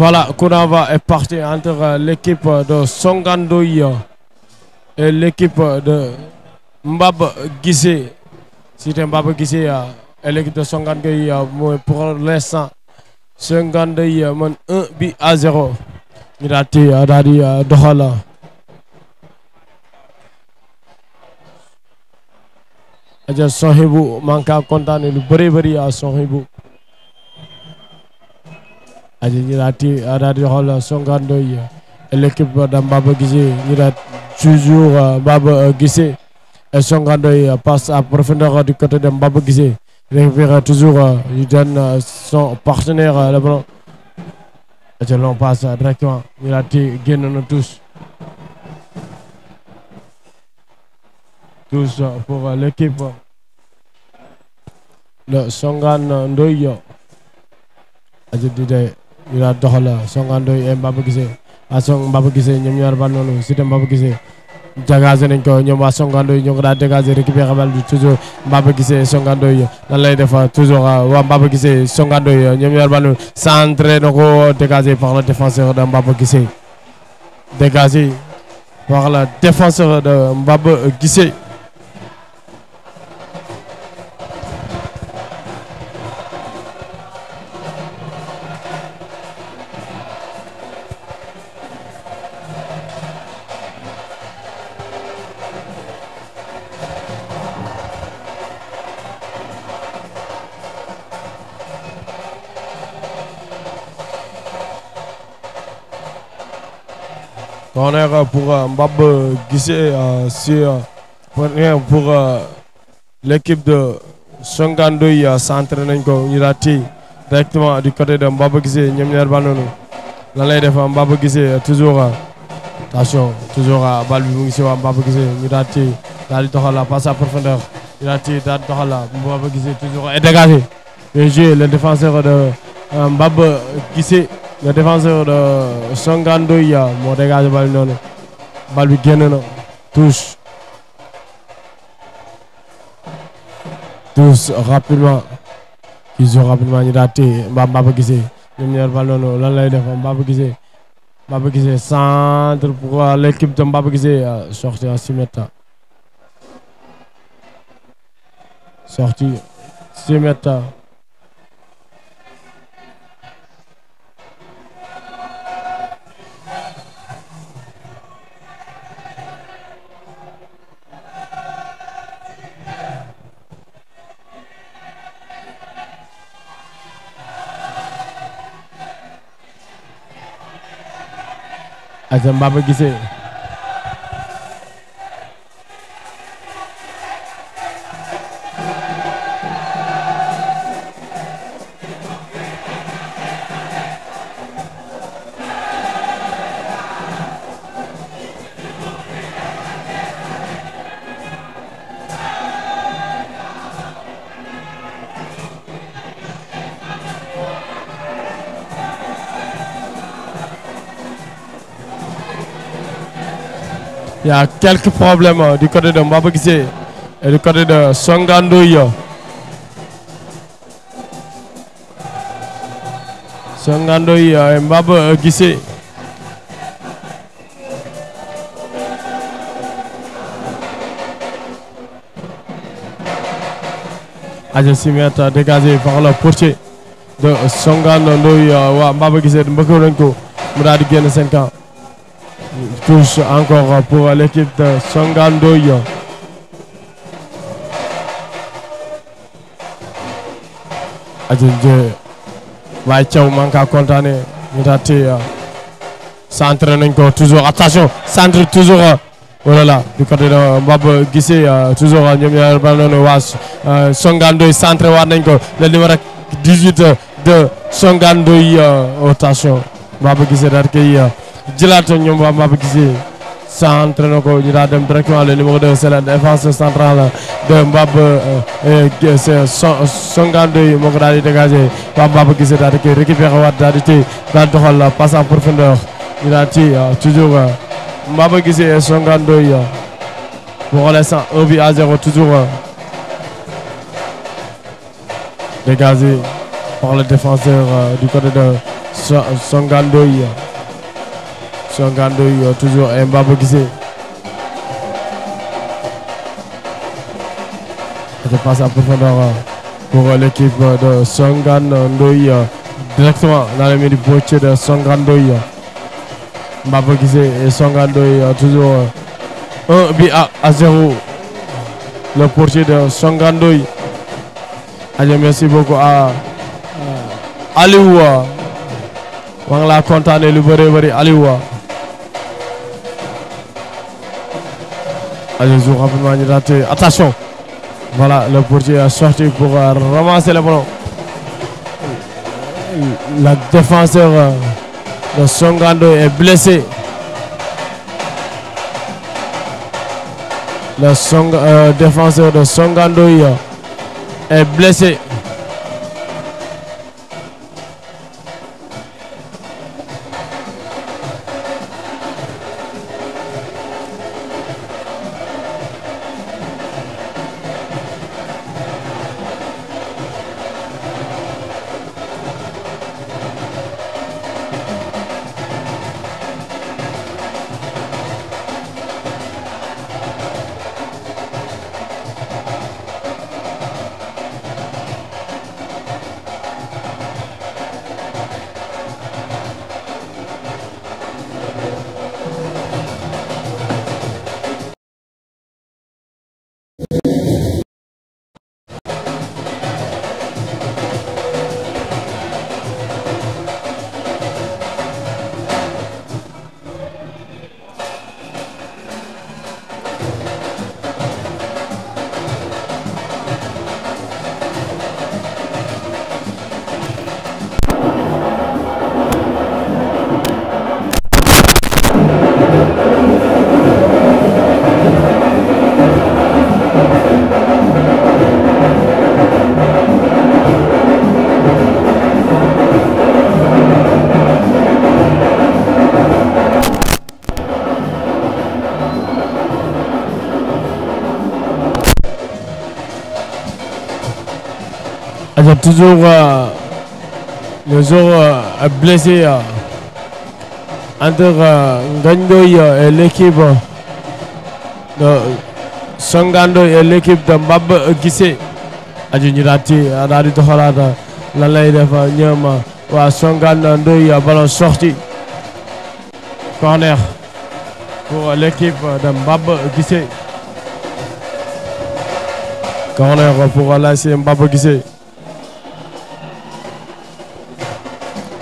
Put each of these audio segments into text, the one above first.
Voilà, Kurava est parti entre euh, l'équipe de Songandouya et l'équipe de Mbab Gissé. C'était Mbab Gissé euh, et l'équipe de Songandouïa. Euh, pour l'instant. Songandouïa 1 à 0. Il a été Dohala. Aja Sohibu manque à condamner le brèverie à a Adinirati Aradirol Songandoy et l'équipe d'Ambaba Gizé. a toujours euh, Baba euh, Gizé. Et Songandoy euh, passe à profondeur du côté d'Ambaba Gizé. Récupère toujours, il donne son partenaire le ballon. Et l'on passe directement. Nirati nous tous. Tous pour l'équipe de Songan Ndoyo. Adjidide ila doxala songandoy e eh, Mbaba Guissé a song Mbaba Guissé ñoom ñaar bal noonu Siteu Mbaba Guissé dégagé nañ ñoom waa songandoy ñoo ko daa dégagé récupéré bal toujours Mbaba Guissé songandoy nan ah, ñoom ñaar noonu centré na ko dégagé par le défenseur de Mbaba Guissé dégagé par le défenseur de Mbaba Guissé pour euh, Mbab euh, Guissé euh, pour, pour l'équipe de a s'entraîne directement du côté de Mbab Guissé ñoom Banono la lay def Mbab Guissé toujours attention toujours à Balbi mu ngi Guissé ñu a dans passe à profondeur il a di dans toujours et dégagé bien joué le défenseur de Mbab Guissé le défenseur de Sangandoya a dégagé bal bi noonu bal touche touche rapidement qui joue rapidement ñu daa téye mbaa Mbaba Guissé ñoom ñaar bal noonu lan lay def Mbaba Guissé centre pour euh, l'équipe de qui Guissé euh, sorti à 6 mètres sorti 6 mètres Aja ba gisee y a quelques problèmes hein, du côté de Mbaba et du côté de Songandoyo. Songandoy et Aujourd'hui, Gissé. Adjasimeta dégagé par le portier de Songandoy. Mbaba Gissé de Mbakorenko. Mourad Gien 5 ans. tous encore pour l'équipe de Sangandoy. Adjunje Baye Thiaw man ka kontané ñu daté centre tuzo ataso. toujours attention centre toujours voilà du côté de tuzo Gissé toujours ñom ñaar bal was Sangandoy centre war le numéro 18 de Sangandoy attention Mbab Gissé dar jilato ñoom waa Mbaba Guissé centre na ko ñu da dem directement le numéro de cela défense centrale de mbab euh c'est Songandoy moo ko daal di dégager ba Mbaba Guissé daal di koy récupéré waat daal di téye doxal la passe en profondeur ñu da ci euh, toujours euh, Mbaba Guissé euh, Songandoy pour l'instant 1 but à 0 toujours dégagé par le défenseur du côté de Songandoy 52 toujours Mbabo Guissé. Je passe en profondeur euh, pour euh, l'équipe euh, de Songan Ndoy directement dans le milieu du potier de Songan Ndoy. Mbappé Guissé et Songan Ndoy toujours 1 à 0. Le portier de Songan Ndoy. Allez, merci beaucoup à Aliwa. Wang la kontaanee lu bëree Aliwa. Allez-y rapidement il Attention. Voilà, le portier a sorti pour euh, ramasser le ballon. La défenseur euh, de Songando est blessé. Le song, euh, défenseur de Songando est blessé. On a toujours euh, toujours euh, euh, entre euh, Gandoy euh, et l'équipe de Sangando et l'équipe de Mbab Gissé. aji ñu daal ci daal La doxalaat lay def wa waa ballon sorti corner pour l'équipe de Mbab Gissé corner pour l'AC Mbab Gissé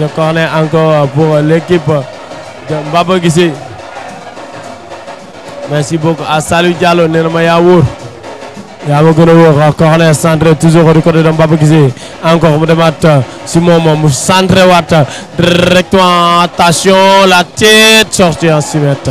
Euh, euh, euh, de corner encore pour l'équipe de Mbaba Merci beaucoup à Salut Diallo, Nelma Yaour. Yaour Gonour, corner centré toujours du côté de Mbaba Guissé. Encore Moudemat, Simon Mom, centré Watt, directement attention, la tête sortie en 6 mètres.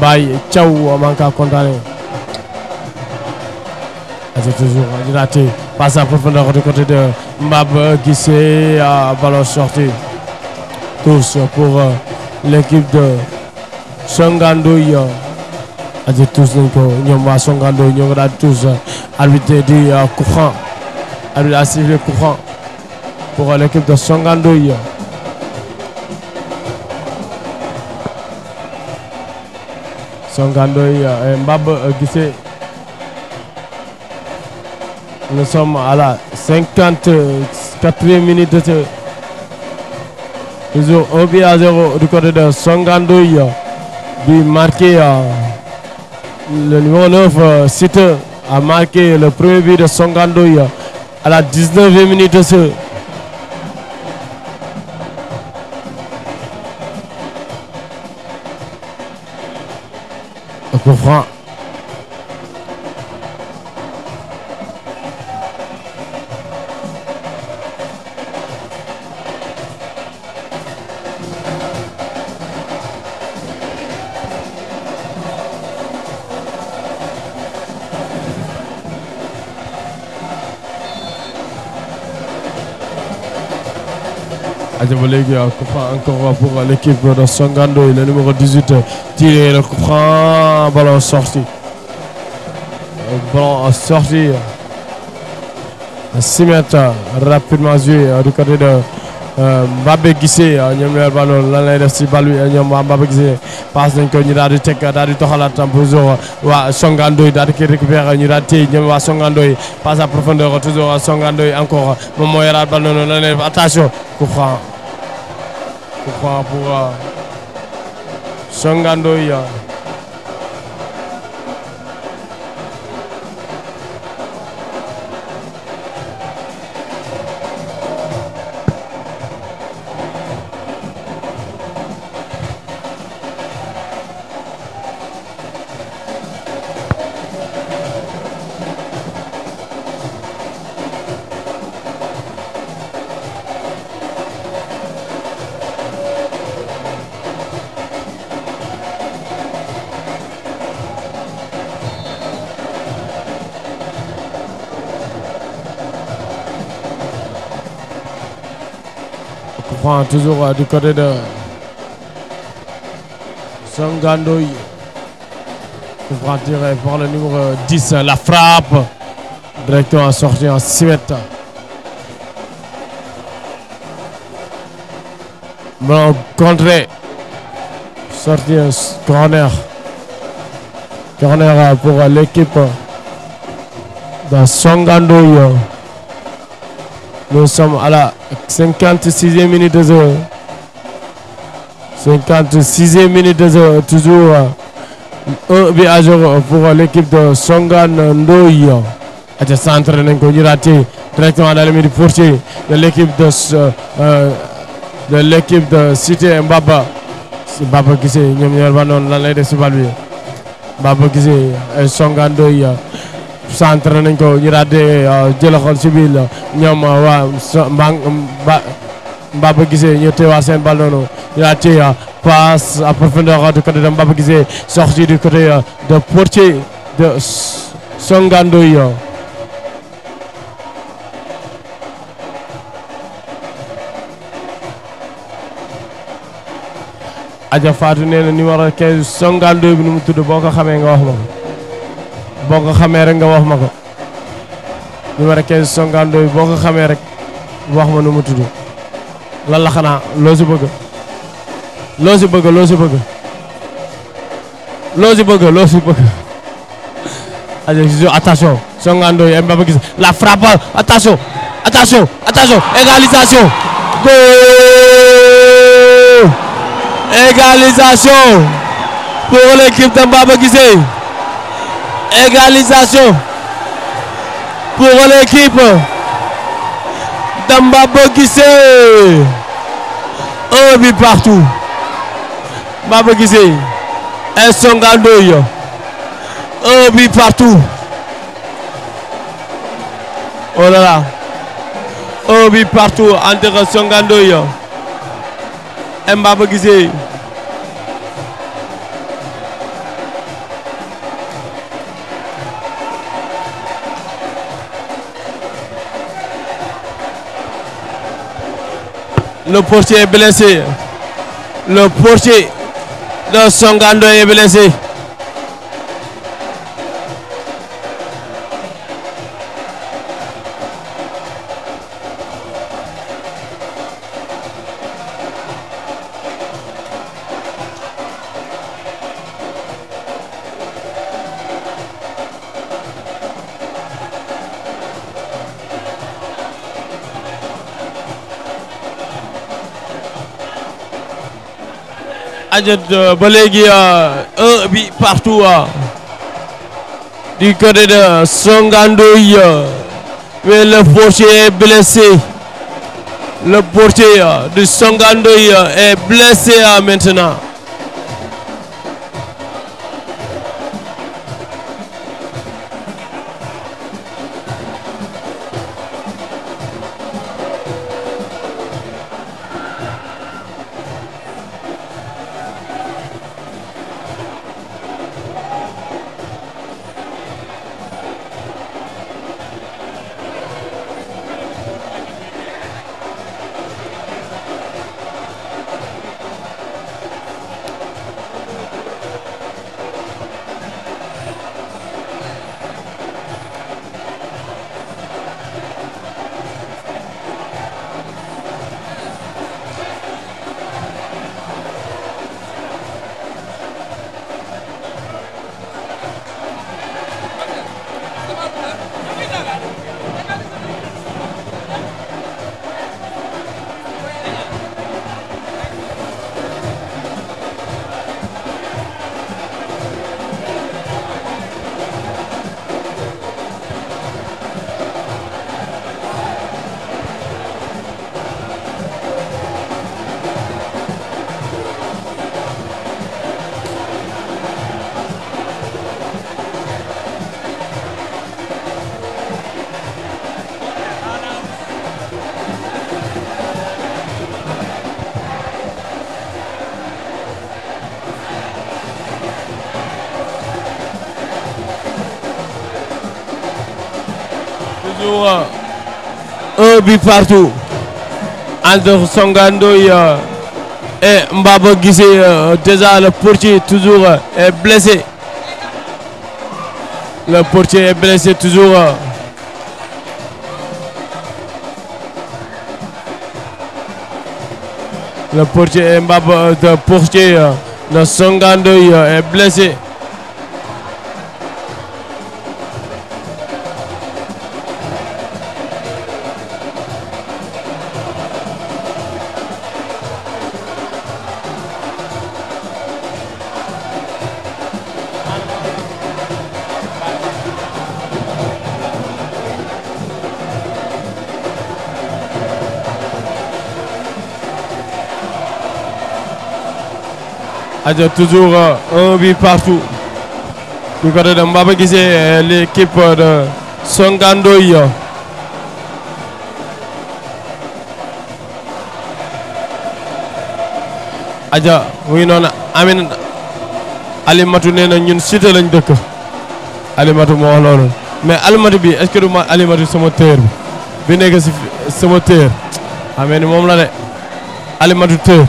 bye ciao a condamné à condamner. toujours Passe à profondeur du côté de Mbab Guissé. Ballon sorti. Tous pour euh, l'équipe de Songandouille. aje tous les gens, tous euh, arbitre euh, du courant pour l'équipe de son Songandoy euh, Mbab euh, Gissé Nous sommes à la 54e minute de ce toujours 1 but à 0 du côté de Songandoy du euh, marqué le numéro 9 Site a marqué le premier but de Songandoy à la 19e minute de ce 不慌。Adjaba léegi coup franc encore pour l'équipe de Songando le numéro 18 tiré le coup franc ballon sorti ballon sorti 6 mètres rapidement joué euh, du côté de euh, Mbappé Guissé euh, ñoom yor ba loolu lan lay def si bal bi ñoom Mbappé Guissé passe nañ ko ñu du di teg daal di toxalaat toujours waa Songandoy daal di koy récupérer ñu daal di téye ñoom waa passe à profondeur toujours Songandoy encore moom moo yoraat ba noonu lan lay attention 不慌，不慌，不慌，勇敢斗勇。toujours euh, du côté de Sangandoy. Coup franc tiré par le numéro 10, euh, euh, la frappe. Directement sorti en 6 mètres. Bon, contré. Sorti corner. Corner pour l'équipe de Sangandoy. Nous sommes à la 56e minute de jeu. 56e minute de jeu, toujours un but pour l'équipe de Songan Ndoye. À ce centre, nous raté directement dans le milieu de l'équipe de, euh, de l'équipe de Cité Mbaba. Mbaba qui s'est, nous sommes non, l'année de ce Mbaba qui s'est, euh, Songan Ndoye. centre nañ ko ñu daal di jëla xool si biir ñoom waa Mbaba gisé ñu téwa sen ball nonu ñu daal ya, ci passe à profondeur du côté ya, de Mbaba gisé sorti du côté de portier ya. de Songandoy Adja Fatou nee na numéro 15 songando bi nu tuddu boko xamé nga wax mom boo ko xamee rek nga wax ma ko numéro 15 Songane Ndoye boo ko xamee rek wax ma nu mu tudd lan la xanaa loo si bëgg loo si bëgg loo si bëgg loo si bëgg loo si bëgg attention Songane Ndoye Mbappé gis la frappe attention attention attention égalisation goal égalisation pour l'équipe de Mbappé Guissé Égalisation pour l'équipe d'Ambabo Gissé. Un but partout. Mbabo Et Un son Un but partout. Oh là là. Un but partout entre Songandoy. Mbabo Gissé. Le portier est blessé. Le portier de Songando est blessé. de euh, ba euh, un partout euh, du côté de Songandoy mais le portier est blessé le portier de Songandoy est blessé maintenant partout entre Songandoy euh, et Mbaba Gissé. Euh, déjà, le portier toujours euh, est blessé. Le portier est blessé toujours. Le portier, Mbaba, le portier de Songandoy est blessé. aja toujours euh, un but partout du côté de Mbaba Guissé l'équipe de Songandoy aja mu ngi noonu Amin Alimatu nee na ñun cité lañ dëkk Alimatu moo wax loolu mais Alimatu bi est-ce que du ma Alimatu sama bi bi nekk si sama téer moom la de Alimatu téer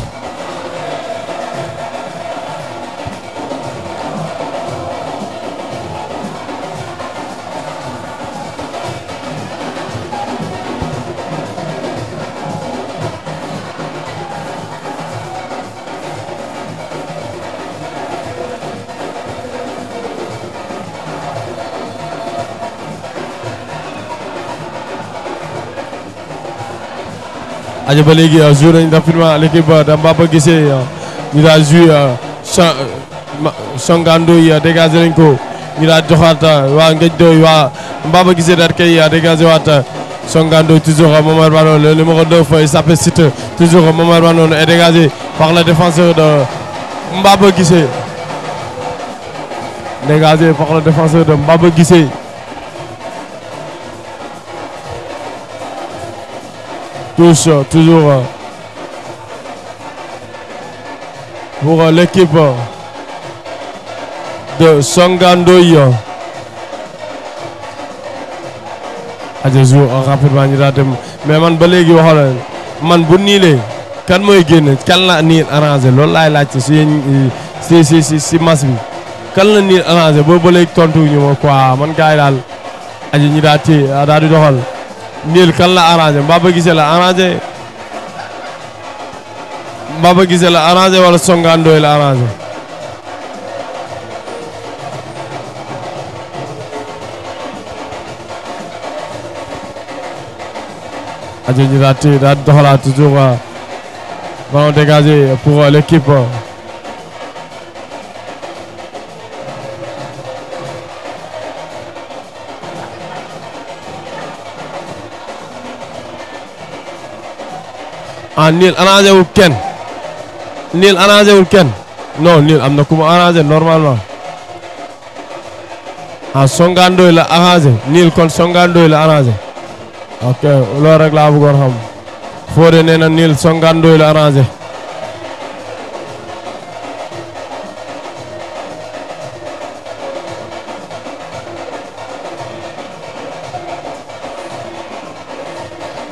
aja ba léegi joué ah, nañ rapidement l'équipe de Mbaba Guissé ñu ah. daal joué ah, songando yi dégagé nañ ko ñu daal joxaat waa ngej doy waa Mbaba Guissé daal koy dégagé waat songando toujours Momar Banon le numéro 9 il s'appelle Site toujours Momar Banon est dégagé par le défenseur de Mbaba Guissé dégagé par le défenseur de Mbaba Guissé touche toujours pour euh, l'équipe de Songandoy. Adjazou ah, euh, rapidement ñu daa dem mais man ba léegi waxoon na man bu niilee kan mooy génn kan la niil arrangé loolu laay laajte si si si si mas bi kan la niil arrangé boobu ba léegi tontu ñu ma quoi man gars daal aji ñi daa téye daa niil kan la arrangé ba gise la arrangé Mbaba Guissé la arrangé wala Songane Ndoye la arrangé ajo ñi daa téye daa doxalaat toujours euh, ballon dégagé pour euh, l'équipe euh. ah niil arrangé wul kenn niil arrangé wul kenn non niil am na ku mu arrangé normalement ah songandooy la arrangé niil kon songandooy la arrangé ok loolu rek laa bëggoon xam Fodé nee na niil songandooy la arrangé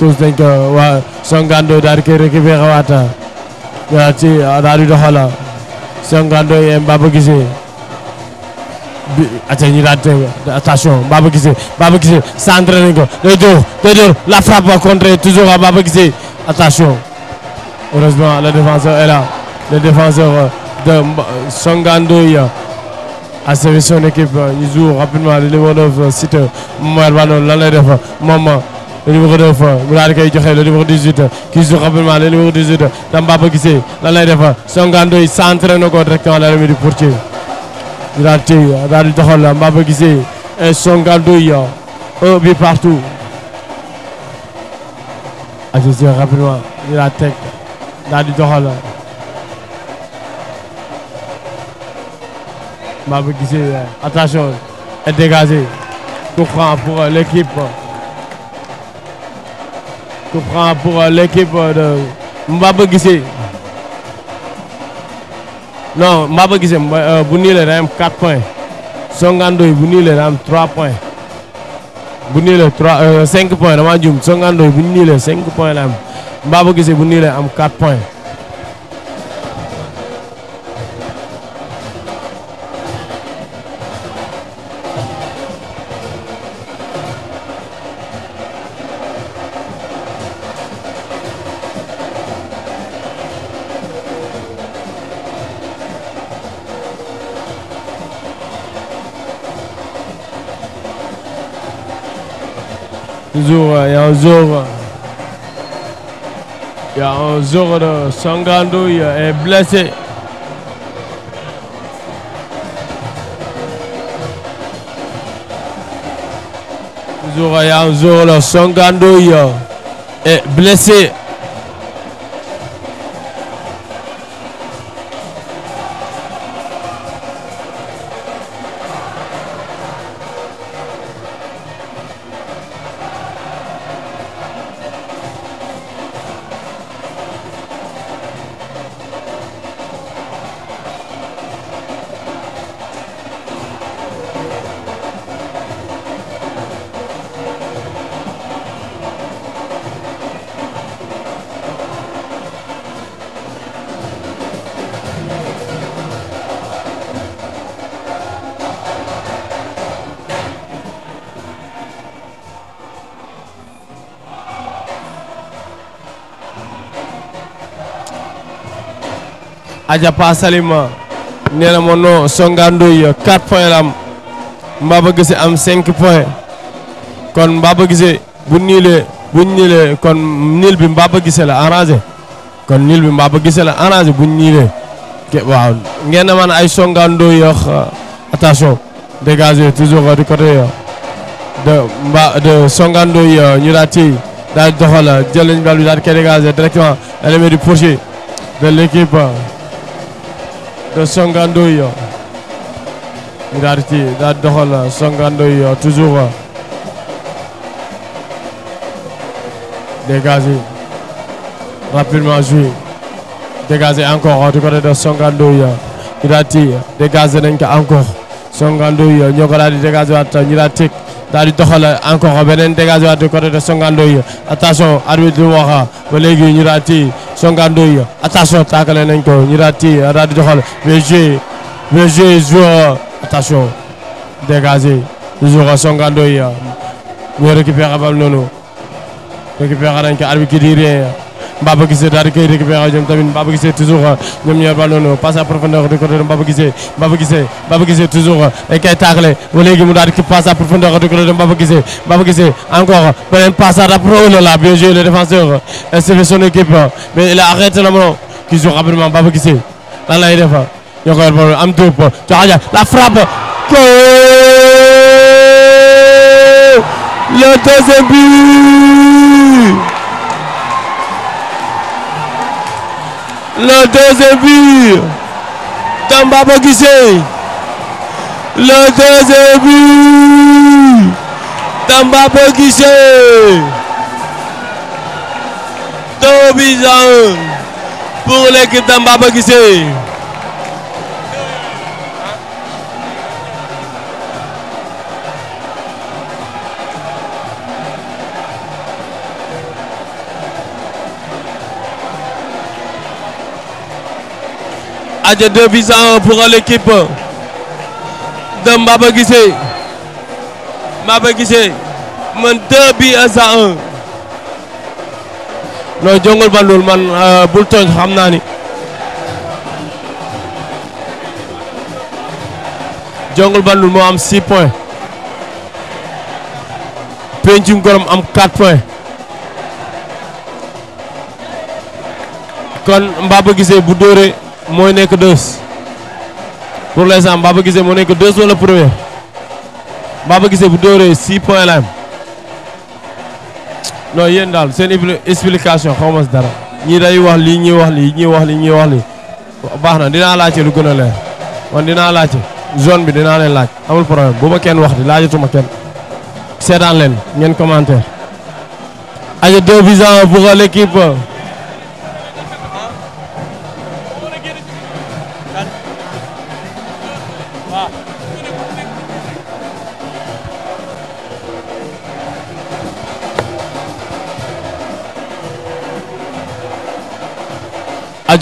tous dañ ko wa Songando daal di koy récupéré waat ah. ci ah, daal di doxala ah. Songando yee Mbaba Guissé attention Mbaba Guissé Mbaba Guissé centre nañ ko day la frappe va contrer toujours à Mbaba attention heureusement le défenseur est là le défenseur euh, de Songando yi à son équipe euh, il joue rapidement le niveau de site Mohamed Bano lan lay def maman le numéro 9 mu daal di le numéro 18 qui joue rapidement le numéro 18 Dambaba dans la lay son Songandoy centré na ko directement dans le milieu du portier ñu daal di téye daal di doxal Dambaba Guissé et Songandoy un but partout. attention rapidement ñu daal teg daal di doxal Dambaba Guissé attention il est dégagé tout franc pour euh, l'équipe coup franc pour euh, l'équipe euh, de Mbaba Guissé non Mbaba Guissé euh, bu niilee day am 4 points Songandoy bu niilee day am 3 points bu niilee 3 5 points dama jum Songandoy bu niilee 5 points la am Mbaba Guissé bu niilee am 4 points Onzora. Ya da Sangando ya est eh, blessé. Onzora ya Onzora Sangando ya bless it. Adja Pa Salima na ma non Songa Ndoye 4 points la am Mbaba Guissé am 5 points kon Mbaba Guissé bu niilee bu niilee kon niil bi Mbaba Guissé la arrangé kon niil bi Mbaba Guissé la arrangé bu niilee waaw ngeen na man ay Songa Ndoye yox euh, attention dégagé toujours du côté euh, de de Songa Ndoye euh, ñu daal ci daal doxal jël nañu bal bi daal di koy directement à du projet de l'équipe de Songa Ndoye ñu daal ci daal doxal Songa Ndoye toujours dégagé rapidement joué dégagé encore du côté de Songa Ndoye ñu daal ci nañ ko encore Songa Ndoye ñoo ko daal di dégagé waat ñu daal teg daal di doxal encore beneen dégagé waat du côté de Songa Ndoye attention arbitre lu wax ba léegi ñu daal ci songando yi attention taakale nañ ko ñu daal di daal di doxal mais joué mais joué joueur attention dégagé toujours songando yi ñu récupéré bal noonu récupéré nañ ko Mbaba Guissé daal récupérer Jom récupéré ñoom Guissé toujours le meilleur ballon passe à profondeur du côté de Mbaba Guissé Mbaba Guissé Mbaba Guissé toujours euh, dañ a taaxale ba léegi mu daal qui passe à profondeur du côté de Mbaba Guissé Mbaba Guissé encore beneen passe à profondeur oh là bien joué le défenseur euh, c'est son équipe euh, mais il a arrêté le ballon qui joue rapidement Mbaba Guissé il lay def ñoo a ballon am dóob joxaja la frappe goal le deuxième but Le deuxième but de Mbaba Guissé. Le deuxième but de Mbaba Guissé. Deux buts à un Adja 2 buts a 1 pour l'équipe de Mbaba Guissé Mbaba Guissé man 2 buts à 1 non jongol man euh, bul tooñ xam naa ni jongol ba moo am 6 points pencum gorom am 4 points kon Mbaba Guissé bu dóoree mooy nekk deux pour l'instant Baba gise moo nekk deux wala premier Baba Guissé bu dóoree six points la am non yéen daal seen explication xaw ma dara ñii day wax lii ñuy wax lii ñuy wax lii ñuy wax lii baax na dinaa laajte lu gën a leer man dinaa laajte zone bi dinaa leen laaj amul problème bu ma kenn wax di laajatuma kenn seetaan leen ngeen commentaire aja deux visant pour l'équipe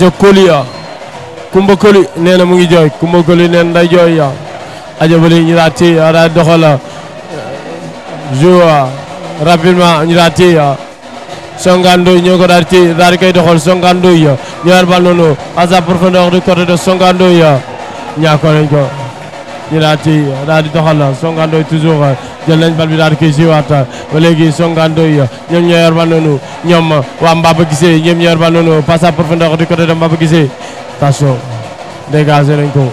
aja koli na mu ngi jooy kumba koli nee na day jooy ya aja bali ñu daa téye ya daa ñoo ko daal di téye daal di koy doxal Songandoy ya ñu daal bal noonu à sa profondeur du côté de ya ñaakoo nañ ko ñu daa téye daal di doxal Songandoy toujours jël nañ bal bi daal di koy jiwaat ba nyom songando yi ñoom ñoo yor bal noonu ñoom waa Mbaba Guissé ñoom ñoo yor bal noonu passe à profondeur du côté de Mbaba Guissé attention dégagé nañ ko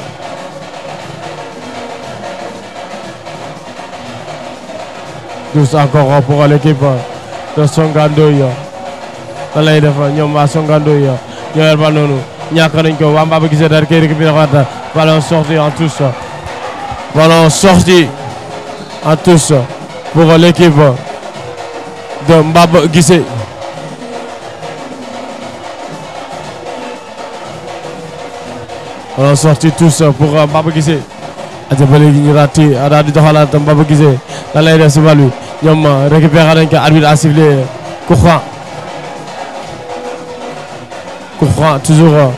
tous encore pour l'équipe de songando yi da lay def songando yi nañ ko daal ballon sorti en ballon sorti en touche pour l'équipe de Mbab Guissé. On sorti tous pour Mbab Guissé. Adjabale gi ñu raté daa di doxalaat Mbaba Guissé lan lay def si bal ñoom récupéré nañ ko arbitre a sifflé coup franc coup franc toujours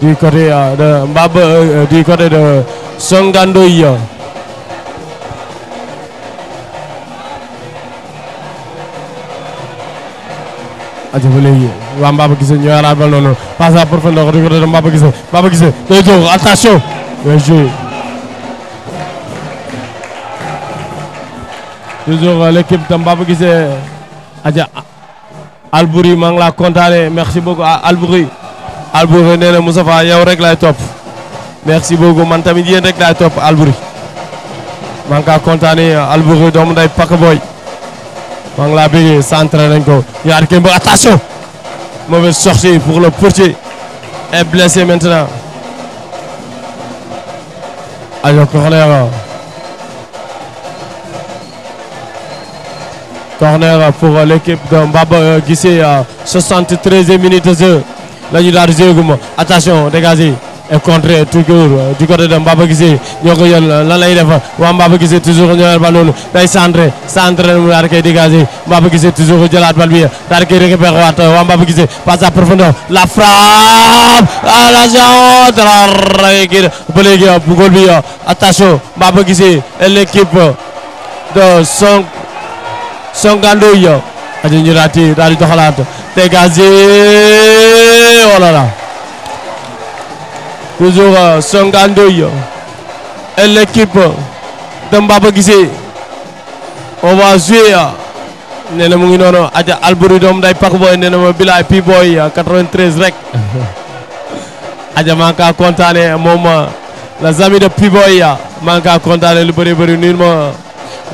du côté euh, de euh, Songandoy aja ba léegi waa Mbaba Guissé ñoo rabal noonu passe à profondeur du côté de Mbaba Guissé Mbaba Guissé day jóg attention day joué toujours l'équipe de Mbaba Guissé aja Albouri maa ngi laa kontaane merci beaucoup Albouri ah, Albouri nee na Moustapha yow rek laay topp merci beaucoup man tamit yéen rek laay topp Albouri maa ngi kontaane Albouri doomu nday Pak Boy l'abbé ngi centre attention mauvaise sortie pour le portier est blessé maintenant ayo corner corner pour l'équipe de Mbaba euh, Guissé 73e minute de jeu la attention dégagé et contré toujours du côté de Mbaba Guissé ñoo ko yor lan lay def waa Mbaba Guissé toujours ñoo yor bal noonu day centré centré mu daal di waa Mbaba Guissé passe à profondeur la frappe a la jaante raray kii ba léegi goal bi attention Mbaba Guissé et l'équipe de Song Songandoy aji ñu daal di doxalaat dégagé oh là là toujours Songa Ndoye et l'équipe de Mbaba Guissé on va jouer nee na mu ngi noonu aja alburi doom day pak booy nee na ma bilaay pi booy 93 rek aja maa ngi kaa kontaane moom la zami de pi booy maa ngi kaa lu bëri bëri nuyul ma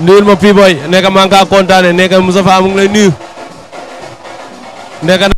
nuyul ma pi booy nekka maa ngi kaa kontaane nekka Moussa Fa mu ngi lay nuyu nekka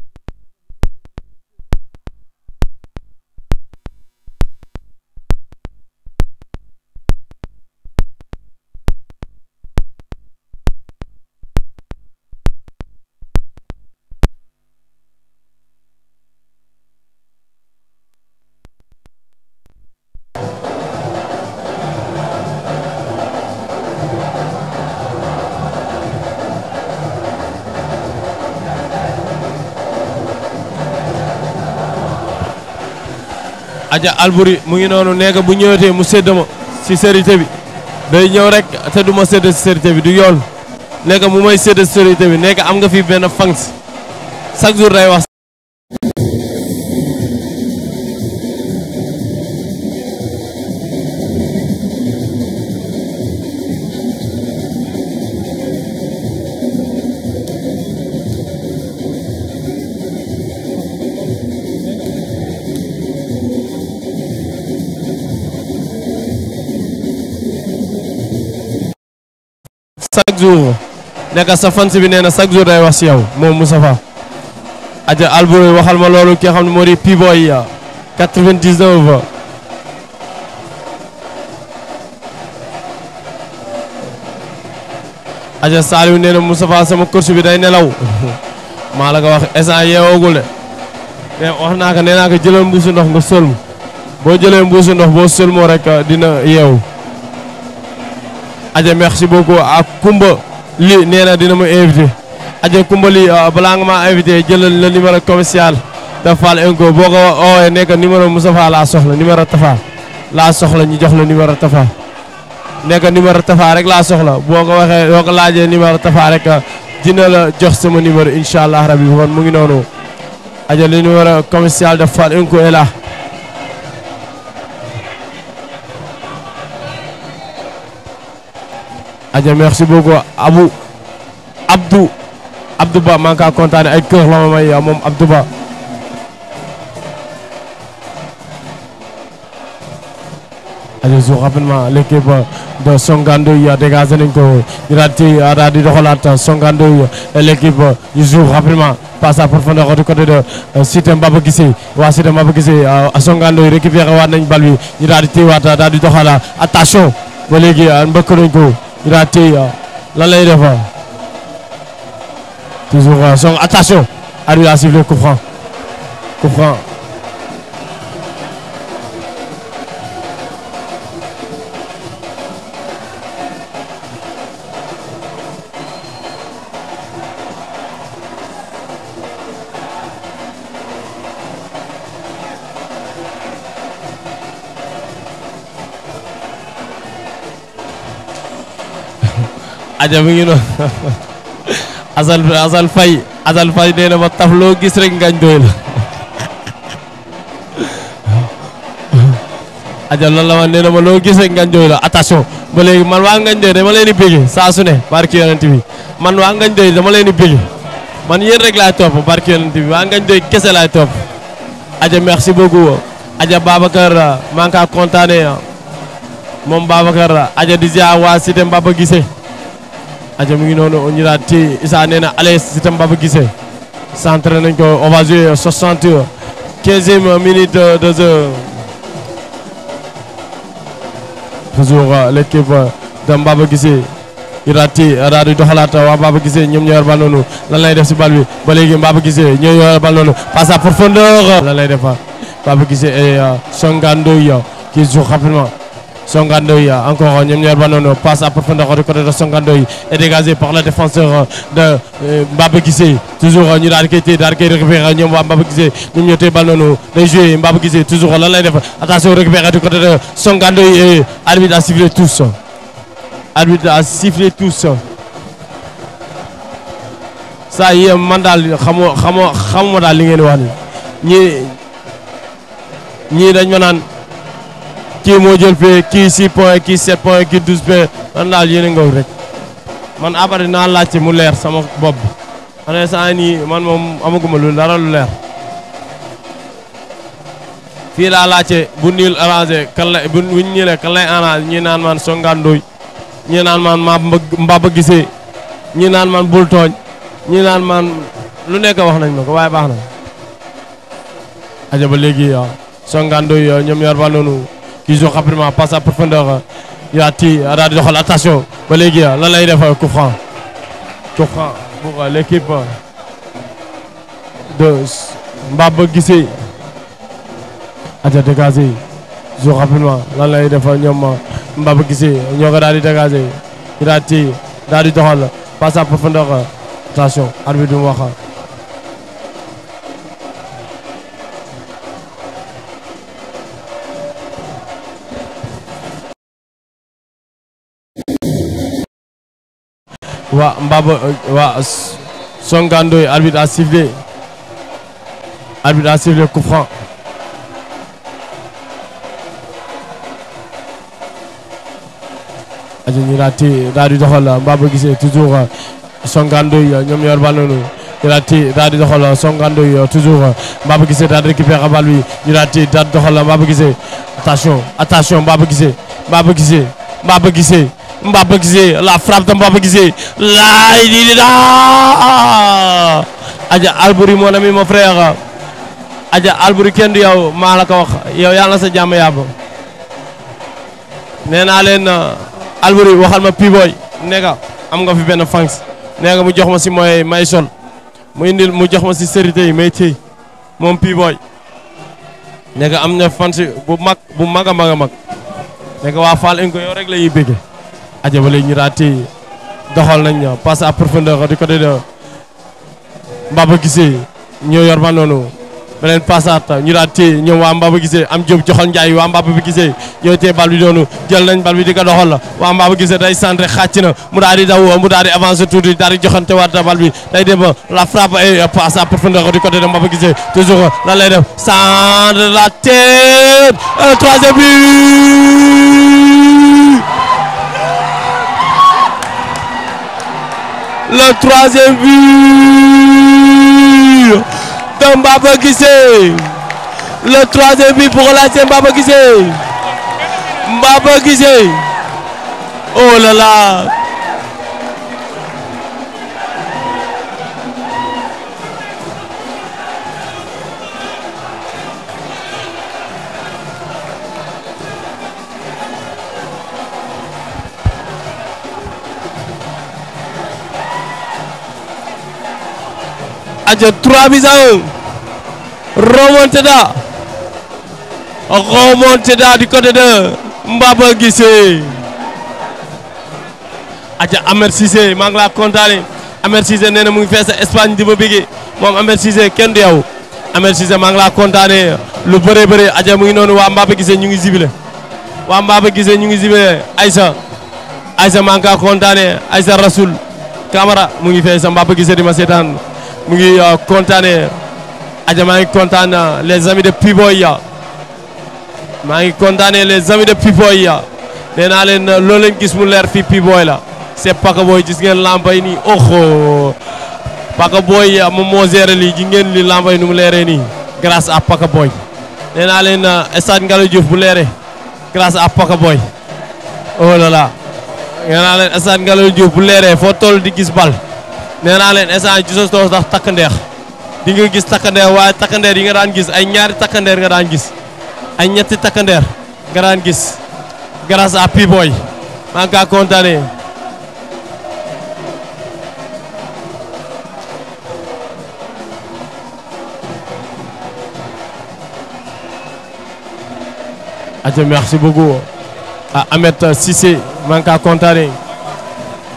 Aja Alburi mu ngi noonu nee bu ñëweetee mu sédd ma si sérité bi day ñëw rek te du ma sédd si sérité bi du yoon nee nga mu may sédd si sérité bi nee am nga fi benn fangs chaque jour day wax. Ndiaga sa fans bi nee na chaque jour day wax si yow ma loolu ki nga xam ne moo di Piboy 99 aja Saliou nee na bi day nelaw maa la ko wax instant yeewoogul de mais wax naa ko nee naa ko jëlal mbuusu ndox nga sëlmu boo jëlee mbuusu ndox boo sëlmoo rek dina yeewu aja merci beaucoup ak Kumba lii nee na dina ma invité aja kumbali ah, balaa nga maa invité jëlal la numéro commercial Tafal Enco boo ko oowee nekk numéro Moustapha laa soxla numéro Tafa laa soxla ñu jox la numéro Tafa nekk numéro Tafa rek laa soxla boo ko waxee boo laajee numéro Tafa rek ah, dina la jox sama numéro incha allah rabi kon mu ngi noonu aja le numéro commercial Tafal Enco est là aja merci beaucoup abou Abdou Abdou Ba manka contane ay keur la may yaa moom Abdou Ba Allez-y rapidement l'équipe de songando ya dégagé Ninko. ko a dit à Radi Rolat Songandoy et l'équipe du jour rapidement passe à profondeur du côté de Sitem gissé Wa Sitem Babakissé à songando récupère wa nañ bal bi. Il a dit wa di doxala attention ba légui euh, mbëkk nañ ko. Il Là, là lay devant. toujours euh, son attention à lui le coup franc coup Aja mi ngi Asal Asal fay Asal fay nee na ma taf loo gis rek ngañ doy la Aja la la wane na ma lo gis rek ngañ doy la attention ba legi man wa ngañ doy dama leni di sa saa su ne barki yonent bi man wa ngañ doy dama leni di man yeen rek la top barki yonent bi wa ngañ doy kese la top Aja merci beaucoup Aja babakar manka ngi mom babakar Aja di ziar awasi Cité baba aja mu ngi noonu on ira ti isa nena Alex Sitam Baba Guissé centré nañ ko on va jouer 75e minute de jeu toujours l'équipe de Baba Guissé irati daal di doxalaat waa Baba Guissé ñoom ñoo yor bal noonu lan lay def si bal bi ba léegi Baba Guissé ñoo yor bal noonu passe à profondeur lan lay def Baba Guissé et Songa Ndoye qui joue rapidement Songandoy encore Nyemnier Banono passe à profondeur du côté de Songandoy et dégagé par le défenseur de euh, Mbappé Toujours Nidar qui était récupérer récupéré Nyemwa Mbappé Gissé. Nyemnier Banono les jouer Mbappé Gissé. Toujours euh, la ligne attention récupérer du côté de Songandoy et arbitre a sifflé tous. Arbitre a sifflé tous. Ça y est, Mandal, Khamo Khamo Khamo Mandal, Ni ni kii moo jël kii 6 points kii 7 points kii 12 points man daal yéen a ngaw rek man après naa laajte mu leer sama bopp bi xanaa nii man moom amaguma lu dara lu leer. fii laa laajte bu niil arrangé kan lay bu ñu ñëwee kan ñii naan man songandooy ñii naan man maa mbaba gisee ñii naan man bul tooñ ñii naan man lu nekk wax nañ ma ko waaye baax na. aja ba léegi yow songandooy yoo ñoom yor ba noonu. qui joue rapidement passe à profondeur Yati a daal di doxal ba léegi lan lay def coup franc coup franc pour euh, l'équipe de Mbaba Guissé aja dégagé joue rapidement lan lay def ñoom Mbaba Guissé ñoo ko daal di dégagé Yati daal di doxal passe à profondeur attention arbitre bi mu wax wa Mbaba wa Songa Ndoye arbitre a sifflé arbitre a sifflé coup franc aja ñu daal di daal di doxal Mbaba Guissé toujours euh, Songa Ndoye euh, ñoom ñor bal noonu ñu daal di daal di doxal Songa Ndoye toujours euh, Mbaba Guissé daal di récupérer bal bi ñu daal di daal di doxal Mbaba Guissé attention attention Mbaba Guissé Mbaba Guissé Mbaba Guissé Mbappé Guissé la frappe de Mbappé Guissé la il là Adja Albury mon ami mon frère Adja Albury kenn du yow maa la wax yow yàlla na sa jàmm yàbb nee naa leen Albury waxal ma Piboy nee nga am nga fi benn fanks nee mu jox ma si mooy may sol mu indil mu jox ma si sérité yi may tey moom Piboy nee nga am na fansi bu mag bu mag a mag a mag nee nga waa Fall Inco la ñuy Adjabale Ñiraati doxal nañ passe à profondeur du côté de Mbaba Guissé ñoo yor ba noonu beneen passaat Ñiraati ñoom waa Mbaba Guissé am Diop joxal Ndiaye waa Mbaba bi Guissé ñoo tee bal bi doonu jël nañ bal bi di ko doxal la waa Mbaba Guissé day centré xàcc na mu daal di daw mu daal di avancé tuuti daal di joxante waat bal bi day dem la frappe et passe à profondeur du côté de Mbaba Guissé toujours lan def centre la tête troisième Le troisième but de Mbappé Le troisième but pour la Mbaba Gissé. Mbappé Oh là là, 3 buts à 1. Remontada. Remontada du côté de Mbaba Guissé. Adja Amer Cissé maa ngi laa Amer Cissé Espagne di ma bëggee moom Amer Cissé kenn du yow Amer Cissé maa ngi laa kontaane lu bëree bëri Adja mu ngi noonu waa Mbaba Guissé ñu ngi zibile waa Mbaba Guissé ñu zibile Aïssa Aïssa maa ngi kaa Aïssa Rasoul Camara mu ngi Mbaba di ma mu ngi euh, kontane aja maa ngi euh, les amis de piboya ya. maa kontane kontaanee les amis de piboya ya. nee naa leen euh, loo leen gis mu leer fii Piboy la c'est Paka Boy gis ngeen lamba yi Boy gérer ngeen li lamba yi nu mu leeree nii grâce à Paka Boy nee naa leen stade Ngalandou Diouf bu leeree grâce à Boy oh là là stade bu di gis nee len leen instant dos sax takkandeer di nga gis takkandeer waaye takkandeer yi nga daan gis ay ñaari takkandeer nga daan gis ay ñetti takkandeer nga daan gis grâce à Piboy maa ngi merci beaucoup à ah, Ahmed Cissé manka ngi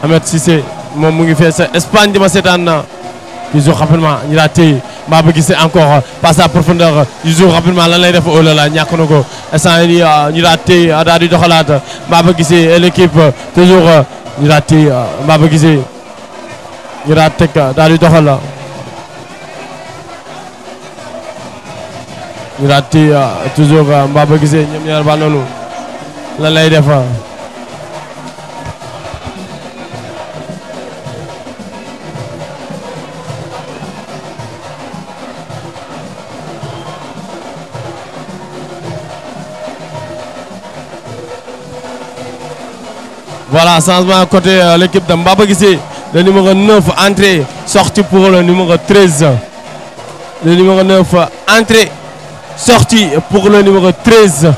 Ahmed Cissé mon mu ngi Espagne sa Espagne dama seetaan rapidement ñu laa téye ba gisee encore passe à profondeur toujours rapidement lan lay def oh niakonogo là ñàkk na ko instant ah, ñu laa téye ah, daal di ba eh, l'équipe toujours ah, ñu laa téye mbaa ba gisee ñu laa teg daal di doxal toujours mbaa ba gisee ñoom ñaar ba lan lay def. Voilà, changement à côté euh, l'équipe de Le numéro 9, entrée, sorti pour le numéro 13. Le numéro 9, entrée, sorti pour le numéro 13.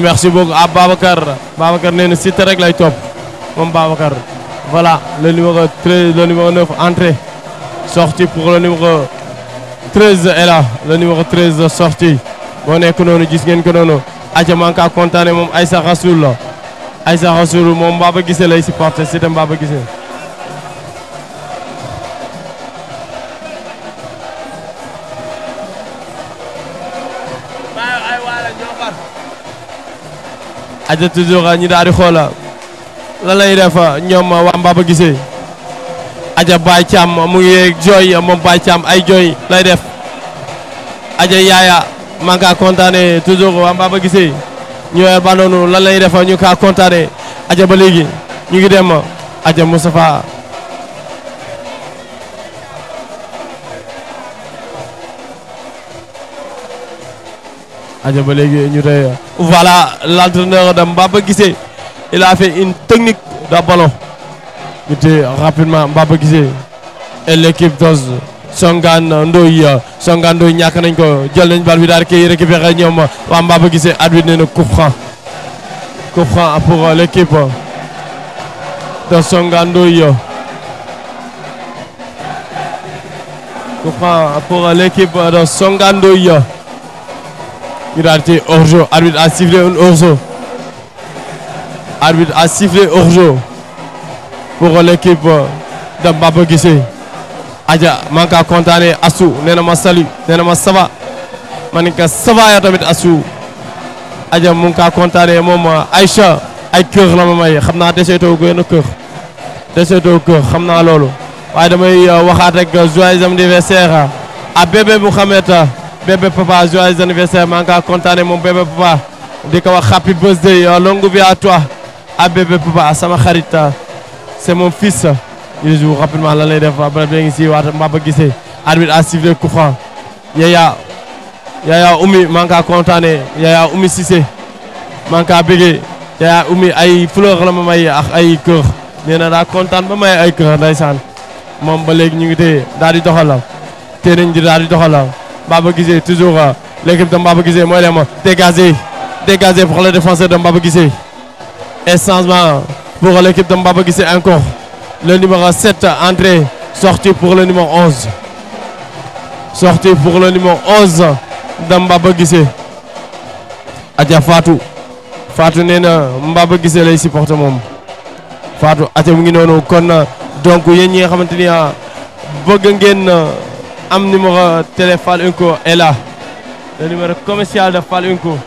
merci beaucoup à ah, Babakar. Babakar n'est pas très top. Voilà, le numéro 13, le numéro 9, entrée. Sorti pour le numéro 13 et là. Le numéro 13, sortie. Bon, est que aca maa ngi kaa kontaane moom Aïssa Rasoul la Aïssa Rasoul moom Mbaba Guissé lay supporté Siteu Mbaba Guissé aja toujours ñu daal di xoola la lay def ñoom waa Mbaba Guissé aja Baye Thiam mu ngi jooy moom Baye Thiam ay jooy lay def aja yaaya manga ngi toujours Mbaba nous ñu un lan lay ñu ka aja ba légui ñu ngi dem aja Moustapha aja ba légui ñu voilà l'entraîneur de Mbaba il a fait une technique de ballon rapidement Mbappé et l'équipe dose Sangan Ndoye Sangan Ndoye ñàkk nañ ko jël nañ bal bi daal récupéré ñoom waa Mbaba Guissé arbitre néna coup pour l'équipe de Sangan Ndoye coup pour l'équipe de Sangan Ndoye Il a été hors-jeu arbitre a sifflé un hors-jeu arbitre a sifflé hors-jeu pour l'équipe de Mbappé Guissé Adja maa ngi kontaanee Assou nee ma salut nee ma ça va ma ne ko tamit Assou Adja mu ngi kontaanee moom Aïcha ay kër la ma may xam naa deseetoo gën kër deseetoo kër xam naa loolu. waaye damay euh, waxaat rek euh, joyeux anniversaire à bébé Mouhamed bébé papa joyeux anniversaire maa ngi kontaanee moom bébé papa di ko wax happy birthday euh, longue vie à toi à bébé papa sama xarit c'est mon fils. il joue rapidement l'année lay def a sifflé coup la toujours ah, l'équipe de moi, dégazé pour le défenseur de Mbappé ah, pour l'équipe de encore le numéro 7, André, sorti pour le numéro 11. Sorti pour le numéro 11, Dambaba Gissé. Adja Fatou. Fatou Nena, Mbaba Gissé, les monde Fatou, Adja Munginono, Kon, donc, Yenye Ramantania, ah, Bogengen, ah, Am numéro téléphone Unko est là. Le numéro commercial de Falunko.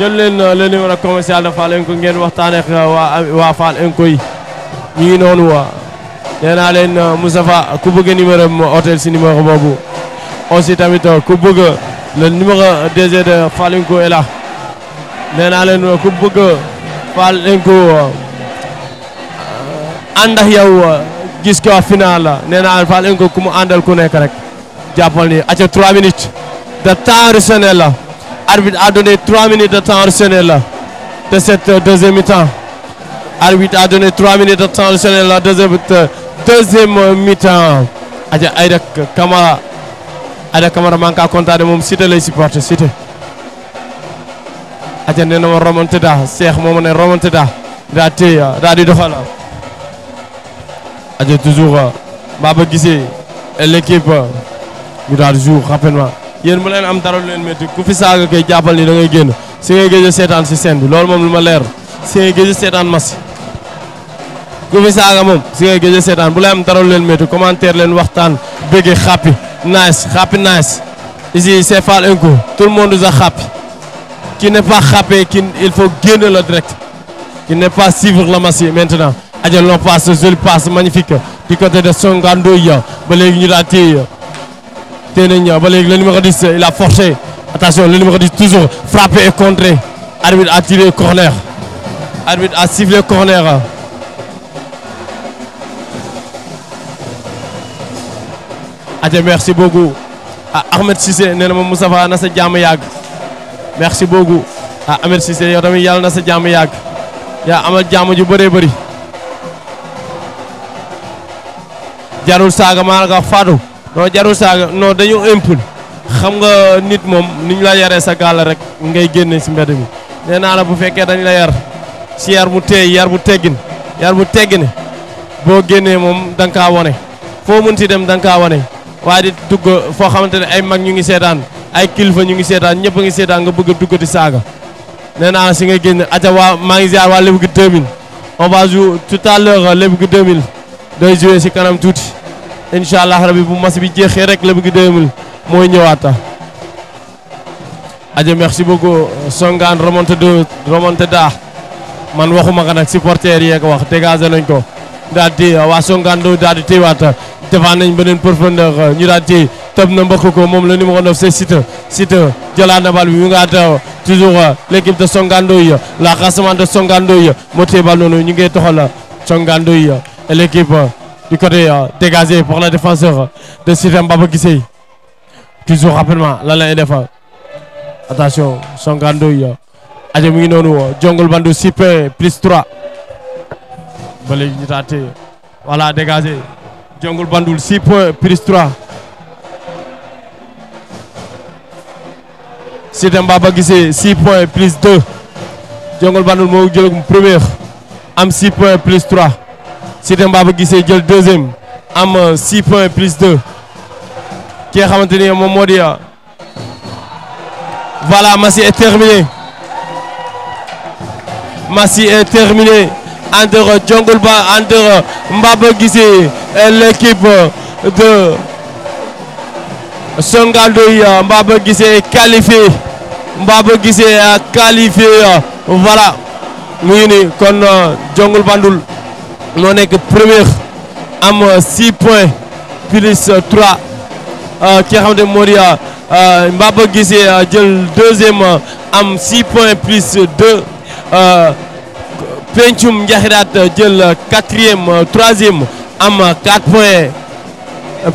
le numéro commercial de FALUNKO ñu noonu wa naa leen euh, Moustapha ku bëgg numéro am hôtel si numéro boobu aussi tamit euh, ku bëgg le numéro DG de Falinko est là naa leen euh, ku bëgg Falinko ànd ak yow gis ko a final la nee naa leen Falinko ku mu àndal ku nekk rek jàppal ni aca 3 minutes de temps additionnel la arbitre a donné 3 minutes de temps additionnel la de cette deuxième mi-temps Arbitre a donné 3 minutes de temps additionnel la deuxième deuxième mi-temps. Adja Aïda Camara Aïda Camara maa ngi kaa kontaane moom Cité lay supporté Cité. Adja nee na ma Romantada Cheikh moom ne Romantada daa téye daa di doxal. Adja toujours Baba Guissé et l'équipe ñu daal di jour yéen bu leen am dara leen métti ku fi saaga kay ngay génn si ngay seetaan si scène loolu moom lu ma leer si ngay géej seetaan mas ku fi saaga si ngay gëj a seetaan bu lay am dara leen métti commentaire leen waxtaan nice happy nice ici c'est Fall tout le monde sa happy. qui n'est pas happy, qui il faut gagner le direct qui n'est pas suivre la masse maintenant ajal no passe joli passe magnifique du côté de son ba léegi ñu daal le numéro 10 il a forcé attention le numéro 10 toujours frappé et contré arbitre a tiré corner arbitre a le corner aja merci beaucoup ah Ahmed Cissé nee mo Moustapha na sa jamm yag. merci beaucoup ah Ahmed Cissé yow tamit yalla na sa jamm yag. Ya amal jamm ju bëree bëri jarul saga maa nga fadu. No jarul saga no dañu impul xam nga nit mom niñ la yaree sa gal rek ngay génne ci mbedd mi nee la bu dañ la yar Ci yar mu yar bu teggin yar bu teggine Bo génnee mom dang ka woné. Fo mën ci dem dang ka woné waaye di dugg foo xamante ay mag ñu ngi sétan ay kilfa ñu ngi sétan ñepp ngi sétan nga bëgg a dugg di saga néna si nga genn aca wa ma ngi ziar waa Lebougui 2000 on va jouer tout à l'heure Lebougui 2000 day jouer ci kanam tout inshallah rabbi bu mas bi jexé rek Lebougui 2000 moy ñëwaata aja merci beaucoup Songane remonté de remonté da man waxuma ko nag supporter yi ak wax dégager nañ ko daal di waa Songando daal di téewaat defaat nañ beneen profondeur ñu daal di tëb na mbokk ko moom le numéro 9 c'est Siteu Siteu jëlaat na bal bi mu ngaat toujours euh, l'équipe de Songando yi la rassemblement de Songando yi moo téye bal noonu ñu la toxal euh, Songando yi et l'équipe euh, du côté dégagé par le défenseur de Siteu Mbaba Guissé toujours rapidement lan lay def attention Songando yi aja mu ngi noonu jongul bandu sipe plus 3 voilà dégagé Jungle Bandoul 6 points plus 3 C'est un Guissé 6 points plus 2 jongul Bandoul moo le premier am 6 points plus 3 un Mbaba Guissé le deuxième am 6 euh, points plus 2 Qui est à voilà Massi est terminé Massi est terminé entre Djongulba, entre Mbabo et l'équipe de Songadoui. Mbabo est qualifié. Mbabo est qualifié. Voilà. Nous sommes nii kon Jongul Nous sommes nekk premier am 6 points plus 3 euh, ki de Moria. Euh, Mbabo Gizé di euh, deuxième am 6 points plus 2 pencum 4 jël 3 troisième am 4 points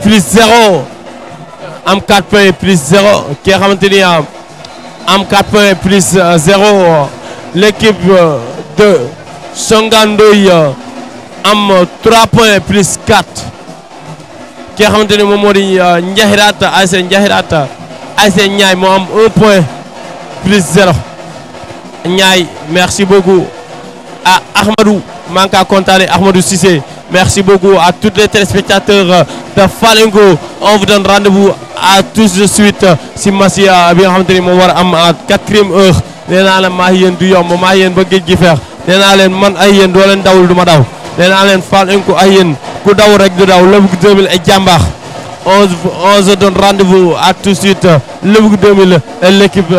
plus 0 am 4 points plus 0 ki xamanteni am 4 points plus 0 l'équipe de Songandoy am 3 points plus 4 ki xamanteni xamante modi moom moo di Njaxiraat ASC 1 plus 0 merci beaucoup à Ahmadou Manka Kontale, Ahmadou Sissé. Merci beaucoup à tous les téléspectateurs euh, de Falengo. On vous donne rendez-vous à tous de suite. Simassia, eh bien entendu, mon war am à 4e heure. Nee naa leen maa yéen du yomb maa yéen ba géej feex man ay yéen doo dawul du daw nee Falengo ay ku daw rek du daw Lebougui 2000 et jamba. On, on se donne rendez-vous à tout de suite Lebougui 2000 et l'équipe de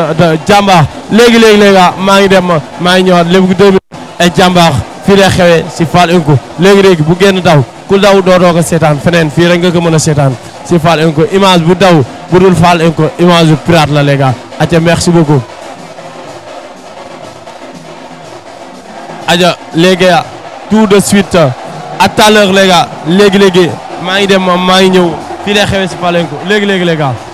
Jamba léegi léegi les gars ah, ngi dem ngi 2000. ay jàmbaax fii lay xewee si Fall Inco léegi-léegi bu génn daw ku daw doodoo ko seetaan feneen fii rek nga ko mën a seetaan si Fall Inco image bu daw bu dul Fall Inco image bu pirate la les gars aca merci aja les gars tout de suite à tout à léegi-léegi maa ngi dem maa ngi ñëw fii lay xewee si Fall Inco léegi-léegi les